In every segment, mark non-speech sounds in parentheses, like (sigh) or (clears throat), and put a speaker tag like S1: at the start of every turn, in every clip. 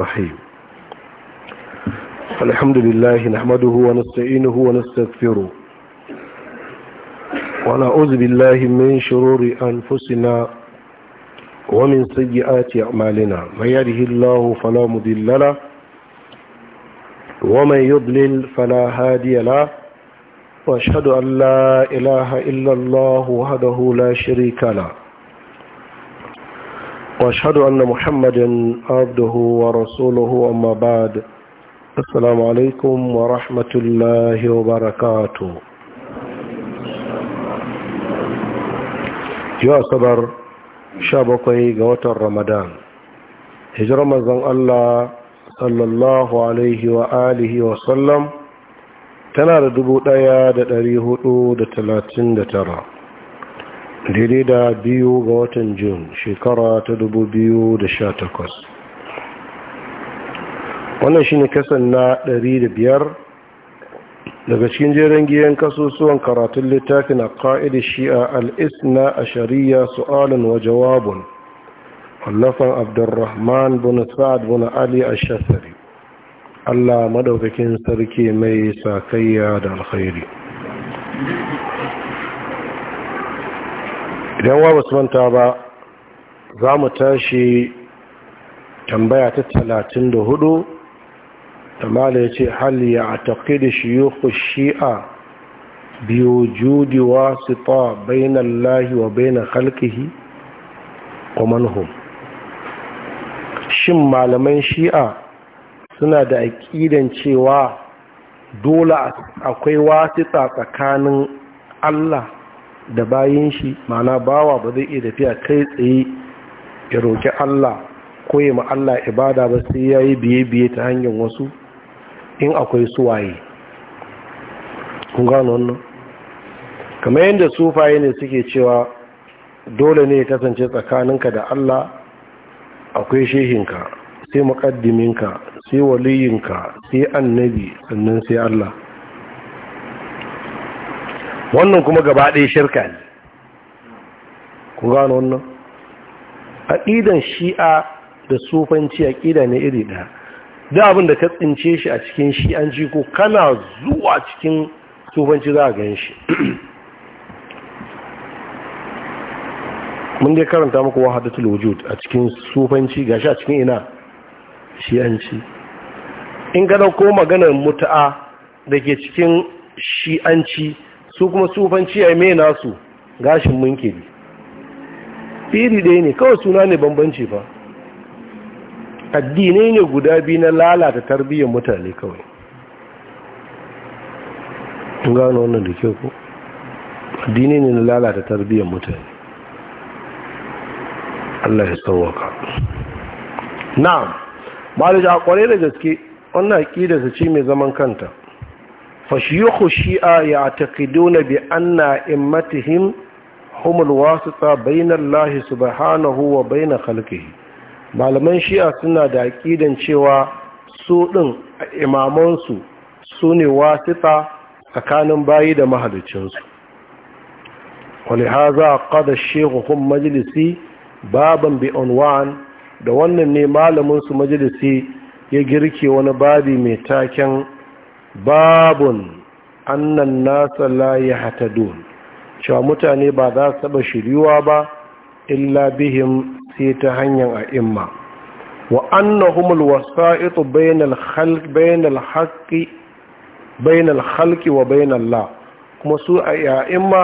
S1: رحيم الحمد لله نحمده ونستعينه ونستغفره ونعوذ بالله من شرور أنفسنا ومن سيئات أعمالنا من يده الله فلا مضل له ومن يضلل فلا هادي له وأشهد أن لا إله إلا الله وحده لا شريك له واشهد ان محمدا عبده ورسوله اما بعد السلام عليكم ورحمه الله وبركاته يا صبر شابكي غوت رمضان هجر رمضان الله صلى الله عليه واله وسلم tana da dubu ɗaya da ɗari hudu da talatin da tara daidai da biyu ga watan jun shekara ta dubu biyu da sha takwas. wannan shi ne kasan na ɗari da biyar daga cikin jeren giyan kasusuwan karatun littafin a ƙa'idar shi'a al'isna a shari'a su'alin wa jawabun hannafan abdurrahman bin sa'ad bin ali a shasari allah madaukakin sarki mai sakayya da alkhairi idan wa basu manta ba za mu tashi tambaya ta talatin da hudu da ya ce hali ya atake da shiyuku shi'a biyu judi wa sifa bainan lahi wa bainan halkihi kumanhum shin malaman shi'a suna da aƙidan cewa dole akwai wasu tsakanin allah da bayan shi ma'ana bawa ba zai iya tafiya kai tsaye ya roƙi Allah ko ya Allah ibada ba sai ya yi biye-biye ta hanyar wasu in akwai suwaye kun gano wannan kamar yadda sufaye ne suke cewa dole ne ya kasance tsakaninka da Allah akwai shehinka sai muƙaddiminka sai waliyinka sai annabi sannan sai Allah wannan kuma gaba ɗaya shirka ne ku gano wannan A aƙidan shi'a da sufanci a aƙida ne iri ɗaya da abin da ka tsince shi a cikin shi'anci ko kana zuwa cikin sufanci za a gan shi mun dai karanta muku wahadatul wujud a cikin sufanci gashi a cikin ina shi'anci in ka dauko maganar muta'a da ke cikin shi'anci su kuma sufanci a mai nasu gashin munkiri iri ɗaya ne kawai suna ne bambanci fa addinai ne guda biyu na lalata tarbiyyar mutane kawai In gano wannan da kyau ko addinai ne na lalata tarbiyyar mutane Allah ya tsawaka na'am malija a kware da gaske wannan aƙidarsa ce mai zaman kanta fashiyuhu shi'a ya taqiduna bi anna immatihim humul wasita bainallahi subhanahu wa bain khalqihi malaman shi'a suna da aƙidan cewa su din imamansu su ne wasita tsakanin bayi da mahalicinsu ولهذا قد الشيخ هم مجلسي بابا بعنوان da wannan ne malaminsu su majalisi ya girke wani babi mai taken babun annan nasa la yahtadun cewa mutane ba za su taba shiriwa ba illa bihim sai ta hanyar a'imma wa annahum alwasa'itu bainal khalq bainal haqqi bainal khalqi wa bainal la kuma su a'imma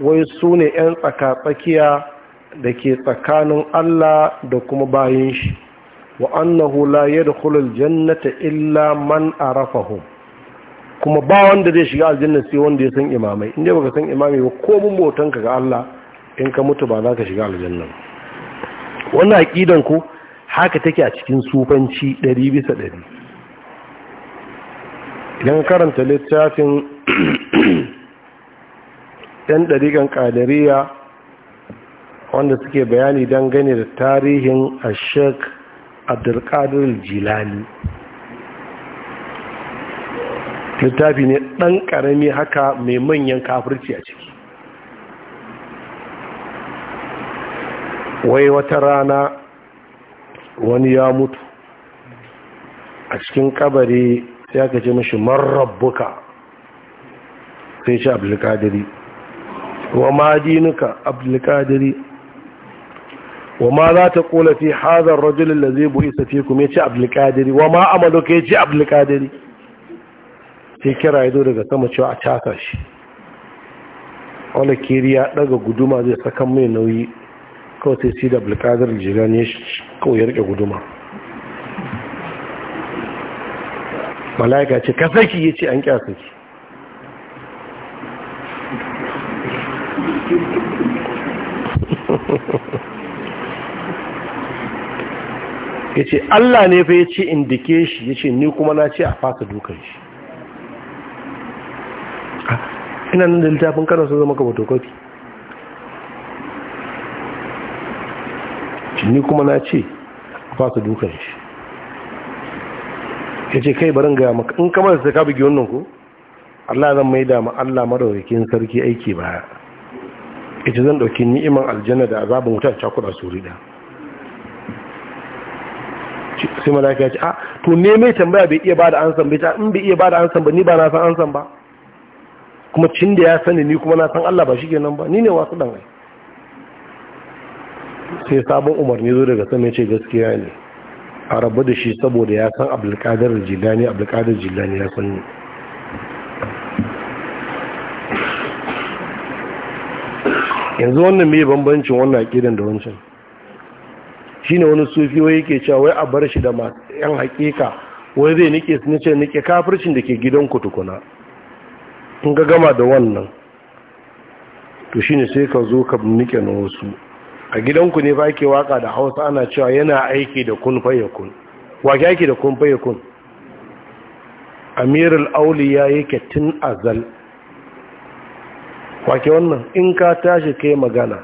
S1: wai su ne yan tsaka tsakiya da ke tsakanin Allah da kuma bayin shi wa annahu la yadkhulul jannata illa man arafahum kuma ba wanda zai shiga aljanna sai wanda ya san imamai inda baka san imamai ba ko mun bautan ka ga Allah in ka mutu ba za ka shiga aljanna wannan aqidan ku haka take a cikin sufanci 100 bisa 100 idan karanta littafin ɗan (clears throat) dariqan qadariya wanda suke bayani dangane da tarihin ashek abdulkadir jilani littafi ne ɗan ƙarami haka mai manyan kafirci a ciki wai wata rana wani ya mutu a cikin kabari sai aka ce mashi marabbuka sai shi abdulkadiri wa ma dinuka abdulkadiri wa ma za ta kola fi hazar rajulun da zai bu isa fi kuma ya ce abdulkadiri wa ma ka ya ce abdulkadiri sai kira ya zo daga sama cewa a caka shi wanda kiri ya daga guduma zai saka mai nauyi kawai sai sida bulkadar jilani ne, kawai ya rike guduma mala'ika ce ka saki ya ce an kya saki (laughs) ya ce allah ne fa ya ce indike shi ya ce ni kuma na ce a fasa dukan shi ina nan da littafin kana so zama ka fotokofi ni kuma na ce a fasa dukan shi ya ce kai barin gaya maka in kamar da ka bugi wannan ku? Allah zan mai dama Allah madaukakin sarki aiki baya ya ce zan ɗauki ni'iman aljanna da azabin wutar cakuɗa suri ɗaya sai malaka ya ce a ah, to ne mai tambaya bai iya ba da ansan bai ta ah, in bai iya ba da ansan ba ni ba na san ansan ba kuma cin da ya sani ni kuma na san Allah ba shi nan ba ni ne wasu dan ai sai sabon umarni zo daga sama ce gaskiya ne a rabu da shi saboda ya san abdulkadir jilani abdulkadir jilani ya san yanzu wannan mai bambancin wannan akidan da wancan shi ne wani sufi wai yake cewa wai a bar shi da masu yan haƙiƙa wai zai nike su nace nike kafircin da ke gidan ku tukuna in ga gama da wannan to shine sai ka zo ka nike na wasu a gidanku ne ba ke waka da hausa ana cewa yana aiki da kun kun wake aiki da kun kun amirul auliya yake tun azal wake wannan in ka tashi kai magana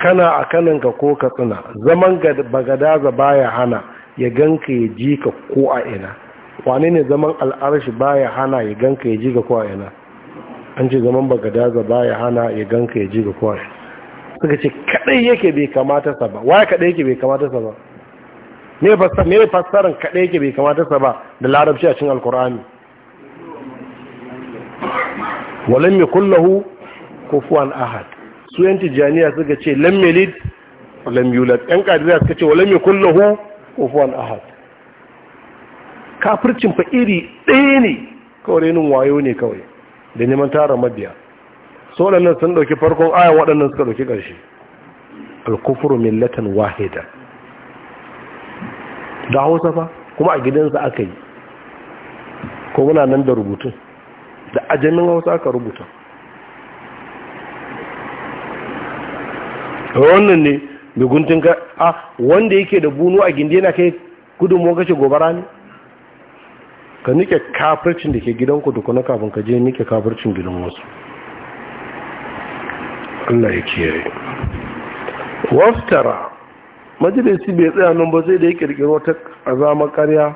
S1: kana a kananka ko ka tsina zaman bagadaza baya hana ya ganka ya ji ka ko a ina wane ne zaman al'arshi baya hana ya ganka ya ji ka ko a ina an ce zaman baka daza ba ya hana ya ganka ya ji ga kowa suka ce kadai yake bai kamata sa ba waya kadai yake bai kamata sa ba me fassara me fassaran kadai yake bai kamata sa ba da larabci a cikin alkur'ani walam yakullahu kufuwan ahad su yan tijaniya suka ce lam yalid walam yulad yan kadiriya suka ce walam yakullahu kufuwan ahad kafircin fa iri ɗaya ne kawai nun wayo ne kawai da neman tara mabiya so waɗannan sun ɗauki farkon aya waɗannan suka ɗauki ƙarshe alkufuru millatan wahida da hausa fa kuma a gidansa aka yi ko muna nan da rubutun da ajamin hausa aka rubuta wannan ne da guntun ka a ah, wanda yake da bunu a gindi yana kai gudunmu kashe gobara ne ka nike kafircin da ke gidanku na kafin ka je nike kafircin gidan wasu Allah ya kiyaye waftara majalisi bai tsaya nan ba zai da ya kirkiro ta azama karya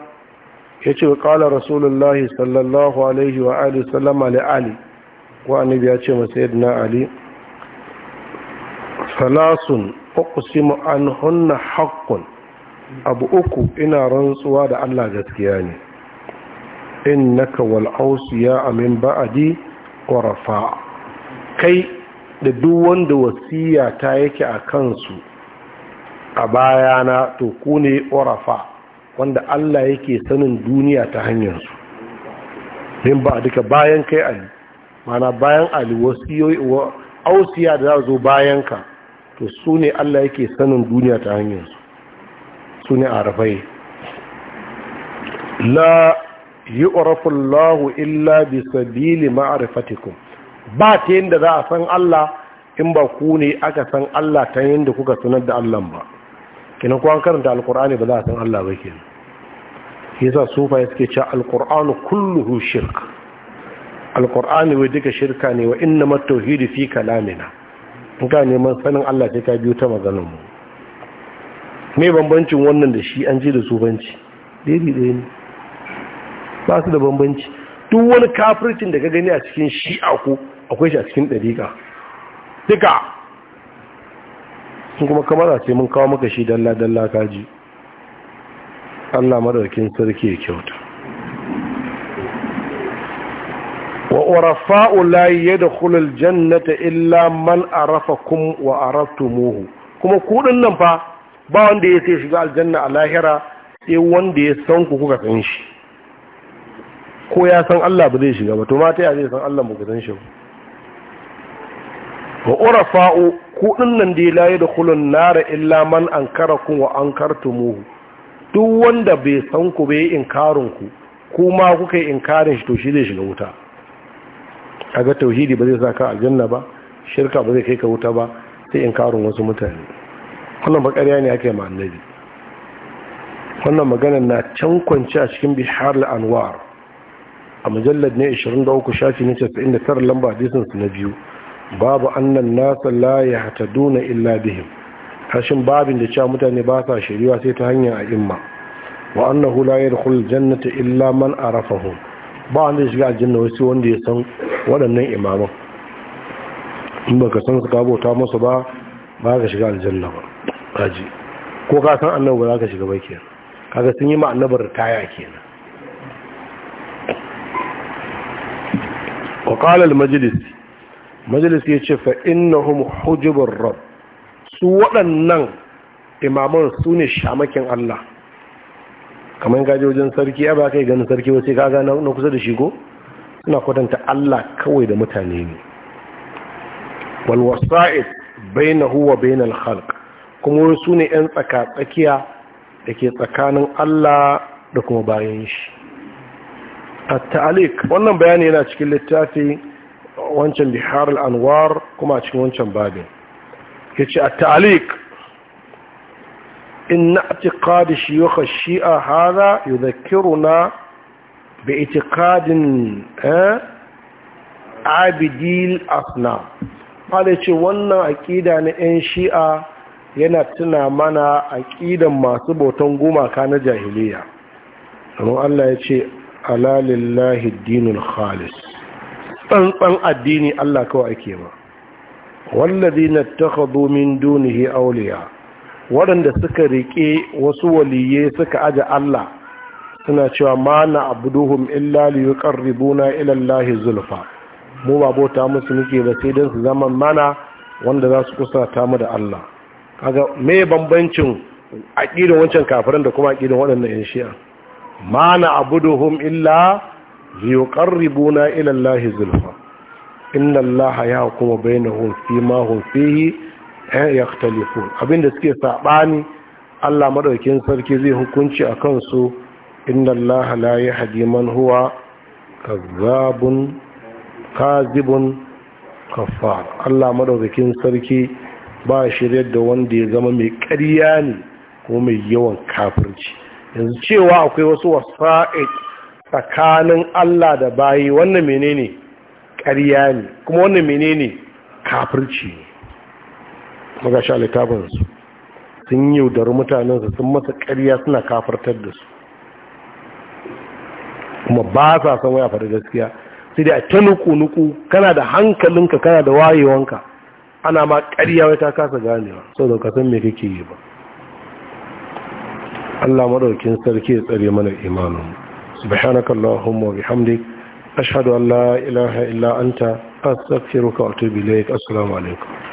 S1: ya ce wa kala rasulullahi sallallahu alaihi wa ali, sallama li ali wa annabi ya ce masa yadda ali salasun uqsimu an hunna haqqun abu uku ina rantsuwa da Allah gaskiya ne innaka wal awsiya amin ba'di wa rafa kai da duk wanda wasiya ta yake a kansu a bayana to ku ne orafa wanda Allah yake sanin duniya ta hanyarsu min ba duka bayan kai ali mana bayan ali wasiyoyi wa ausiya da za zo bayan ka to su ne Allah yake sanin duniya ta hanyarsu su ne arafai la yu'rafu Allahu illa bi sabili ma'rifatikum ba ta yanda za a san Allah in ba ku ne aka san Allah ta yanda kuka sanar da Allah ba kenan ku an karanta alqur'ani ba za a san Allah ba kenan yasa sufa suke cewa alqur'anu kulluhu shirk alqur'ani wai duka shirka ne wa innamat tauhid fi kalamina in ka neman sanin Allah sai ka biyo ta maganar mu me bambancin wannan da shi an ji da sufanci daidai ɗaya ne ba su da bambanci duk wani kafircin da ka gani a cikin shi'a ko akwai shi a cikin ɗariƙa duka sun kuma kamar a ce mun kawo maka shi dalla-dalla kaji allah madarkin sarki ya kyauta ya da yadkhulu jannata illa man kun wa muhu kuma kuɗin nan fa ba wanda ya sai shiga aljanna a lahira sai wanda ya san ku kuka san shi ko ya san Allah ba zai shiga ba to mata ya zai san Allah ba san shi ko urafa'u ku dinnan da la Nara nar illa man ankarakum wa ankartumuhu duk wanda bai san ku bai inkarin ku kuma kuka yi inkarin shi to shi zai shiga wuta kaga tauhidi ba zai saka aljanna ba shirka ba zai kai ka wuta ba sai inkarin wasu mutane wannan bakariya ne ake ma annabi wannan magana na can kwanci a cikin bihar anwar. a mujallar ne 23 shafi na 99 lamba hadisin su na biyu babu annan nasa la duna illa bihim hashin babin da cewa mutane ba sa shiriwa sai ta hanyar a imma. wa annahu la yadkhul jannata illa man arafahu ba wanda ya shiga aljanna wasu wanda ya san waɗannan imaman in ka san su ka masu ba ba ka shiga aljanna ba kaji ko ka san annan ba za ka shiga ba kenan kaga sun yi ma annabar taya kenan wa majlis, majalis majalis ya ce fa'innahum hujjubin rab su waɗannan imaman su ne shamakin Allah kamar gaji wajen sarki ya ba kai ganin sarki wace gana na kusa da shigo suna kwatanta Allah kawai da mutane ne walwasa'id bainahu huwa bainal khalq kuma su ne 'yan tsaka tsakiya da ke tsakanin Allah da kuma bayan shi at wannan bayanin yana cikin littafi wancan bihar al-anwar kuma cikin wancan babin yace at-ta'liq in i'tiqad shuyukh ash-shi'a hadha yudhakkiruna bi i'tiqadin abidil asnam malai ce wannan aƙida na 'yan shi'a yana tuna mana aƙidan masu bautan gumaka na jahiliya domin allah ya ce alalillahi dinul khalis tsantsan addini Allah kawai ake ba wallazi na takhadu min dunihi awliya waɗanda suka riƙe wasu waliye suka aje Allah suna cewa ma na abuduhum illa li yuqarribuna ila Allah zulfa mu ba bota musu muke ba sai dan su zama mana wanda za su kusata mu da Allah kaga me bambancin aƙidan wancan kafiran da kuma aƙidan waɗannan yan shi'a ma na abuduhum illa liyuqarribuna ila Allah zulfa inna Allah ya kuma bainahum fi ma hum fihi yakhtalifun abinda suke sabani Allah madaukin sarki zai hukunci a kansu inna Allah la yahdi man huwa kazzabun kazibun kafar Allah madaukakin sarki ba shiryar da wanda ya zama mai ƙarya ne ko mai yawan kafirci yanzu cewa akwai wasu wasa'i tsakanin Allah da bayi wannan menene ƙarya ne kuma wannan menene kafirci ne maga sha littafinsu sun yi mutanen su sun masa ƙarya suna kafartar da su kuma ba sa san waya faɗi gaskiya sai da a ta nuku-nuku kana da hankalinka kana da wayewanka ana ma ƙarya wata ta kasa ganewa sau da kasan me kake yi ba Allah madaukin sarki ya tsare mana imanin subhanakallahumma wa bihamdik ashhadu an la ilaha illa anta astaghfiruka wa atubu ilaik assalamu alaikum